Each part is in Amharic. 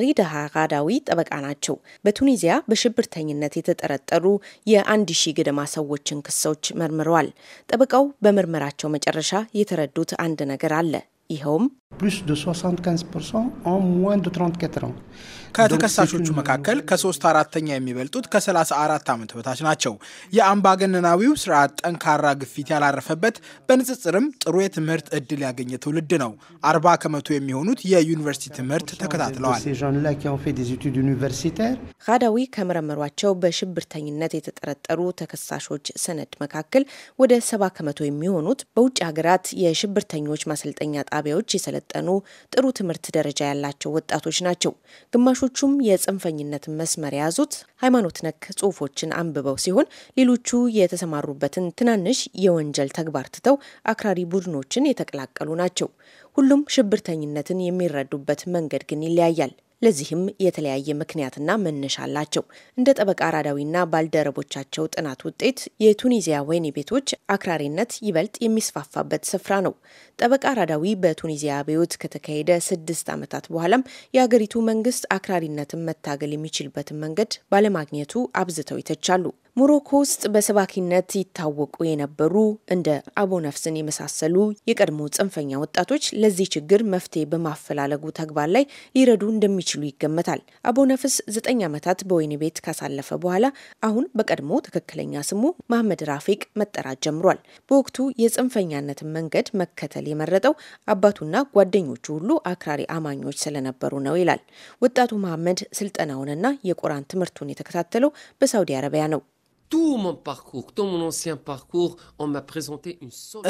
ሪድሃ ራዳዊ ጠበቃ ናቸው። በቱኒዚያ በሽብርተኝነት የተጠረጠሩ የአንድ ሺህ ገደማ ሰዎችን ክሶች መርምረዋል። ጠበቃው በምርመራቸው መጨረሻ የተረዱት አንድ ነገር አለ። ይኸውም ከተከሳሾቹ መካከል ከሶስት አራተኛ የሚበልጡት ከ34 ዓመት በታች ናቸው። የአምባገነናዊው ስርዓት ጠንካራ ግፊት ያላረፈበት በንጽጽርም ጥሩ የትምህርት እድል ያገኘ ትውልድ ነው። 40 ከመቶ የሚሆኑት የዩኒቨርሲቲ ትምህርት ተከታትለዋል። ጋዳዊ ከመረመሯቸው በሽብርተኝነት የተጠረጠሩ ተከሳሾች ሰነድ መካከል ወደ 70 ከመቶ የሚሆኑት በውጭ ሀገራት የሽብርተኞች ማሰልጠኛ ጣቢያዎች የሰለጠኑ ጥሩ ትምህርት ደረጃ ያላቸው ወጣቶች ናቸው። ግማሾቹም የጽንፈኝነት መስመር የያዙት ሃይማኖት ነክ ጽሁፎችን አንብበው ሲሆን፣ ሌሎቹ የተሰማሩበትን ትናንሽ የወንጀል ተግባር ትተው አክራሪ ቡድኖችን የተቀላቀሉ ናቸው። ሁሉም ሽብርተኝነትን የሚረዱበት መንገድ ግን ይለያያል። ለዚህም የተለያየ ምክንያትና መነሻ አላቸው። እንደ ጠበቃ አራዳዊና ባልደረቦቻቸው ጥናት ውጤት የቱኒዚያ ወይን ቤቶች አክራሪነት ይበልጥ የሚስፋፋበት ስፍራ ነው። ጠበቃ አራዳዊ በቱኒዚያ አብዮት ከተካሄደ ስድስት ዓመታት በኋላም የአገሪቱ መንግስት አክራሪነትን መታገል የሚችልበትን መንገድ ባለማግኘቱ አብዝተው ይተቻሉ። ሞሮኮ ውስጥ በሰባኪነት ይታወቁ የነበሩ እንደ አቦ ነፍስን የመሳሰሉ የቀድሞ ጽንፈኛ ወጣቶች ለዚህ ችግር መፍትሄ በማፈላለጉ ተግባር ላይ ሊረዱ እንደሚችሉ ይገመታል። አቦ ነፍስ ዘጠኝ ዓመታት በወህኒ ቤት ካሳለፈ በኋላ አሁን በቀድሞ ትክክለኛ ስሙ መሐመድ ራፊቅ መጠራት ጀምሯል። በወቅቱ የጽንፈኛነትን መንገድ መከተል የመረጠው አባቱና ጓደኞቹ ሁሉ አክራሪ አማኞች ስለነበሩ ነው ይላል። ወጣቱ መሐመድ ስልጠናውንና የቁራን ትምህርቱን የተከታተለው በሳውዲ አረቢያ ነው።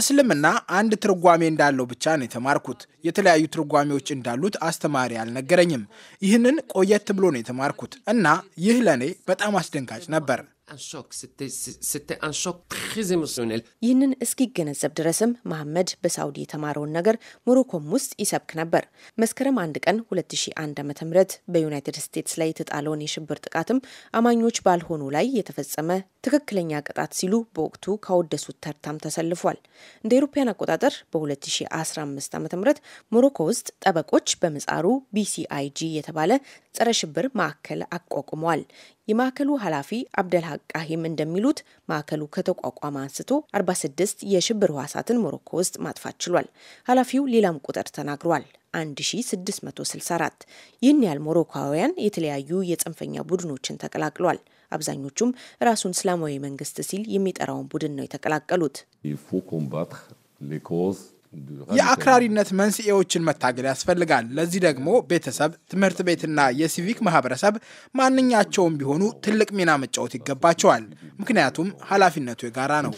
እስልምና አንድ ትርጓሜ እንዳለው ብቻ ነው የተማርኩት። የተለያዩ ትርጓሜዎች እንዳሉት አስተማሪ አልነገረኝም። ይህንን ቆየት ብሎ ነው የተማርኩት እና ይህ ለእኔ በጣም አስደንጋጭ ነበር። un choc, c'était un choc très émotionnel. ይህንን እስኪገነዘብ ድረስም መሐመድ በሳውዲ የተማረውን ነገር ሞሮኮም ውስጥ ይሰብክ ነበር። መስከረም አንድ ቀን 2001 ም በዩናይትድ ስቴትስ ላይ የተጣለውን የሽብር ጥቃትም አማኞች ባልሆኑ ላይ የተፈጸመ ትክክለኛ ቅጣት ሲሉ በወቅቱ ካወደሱት ተርታም ተሰልፏል። እንደ አውሮፓውያን አቆጣጠር በ2015 ዓ.ም ሞሮኮ ውስጥ ጠበቆች በምጻሩ ቢሲአይጂ የተባለ ጸረ ሽብር ማዕከል አቋቁመዋል። የማዕከሉ ኃላፊ አብደልሀቅ አቃሂም እንደሚሉት ማዕከሉ ከተቋቋመ አንስቶ 46 የሽብር ህዋሳትን ሞሮኮ ውስጥ ማጥፋት ችሏል። ኃላፊው ሌላም ቁጥር ተናግሯል። 1664 ይህን ያህል ሞሮካውያን የተለያዩ የጽንፈኛ ቡድኖችን ተቀላቅሏል። አብዛኞቹም ራሱን እስላማዊ መንግስት ሲል የሚጠራውን ቡድን ነው የተቀላቀሉት። የአክራሪነት መንስኤዎችን መታገል ያስፈልጋል። ለዚህ ደግሞ ቤተሰብ፣ ትምህርት ቤትና የሲቪክ ማህበረሰብ ማንኛቸውም ቢሆኑ ትልቅ ሚና መጫወት ይገባቸዋል። ምክንያቱም ኃላፊነቱ የጋራ ነው።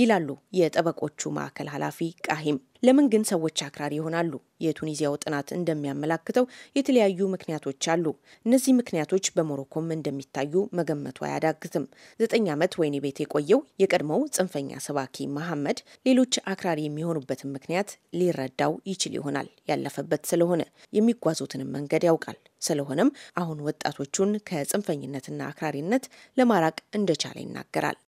ይላሉ የጠበቆቹ ማዕከል ኃላፊ ቃሂም። ለምን ግን ሰዎች አክራሪ ይሆናሉ? የቱኒዚያው ጥናት እንደሚያመላክተው የተለያዩ ምክንያቶች አሉ። እነዚህ ምክንያቶች በሞሮኮም እንደሚታዩ መገመቱ አያዳግትም። ዘጠኝ ዓመት ወህኒ ቤት የቆየው የቀድሞው ጽንፈኛ ሰባኪ መሐመድ ሌሎች አክራሪ የሚሆኑበትን ምክንያት ሊረዳው ይችል ይሆናል። ያለፈበት ስለሆነ የሚጓዙትንም መንገድ ያውቃል። ስለሆነም አሁን ወጣቶቹን ከጽንፈኝነትና አክራሪነት ለማራቅ እንደቻለ ይናገራል።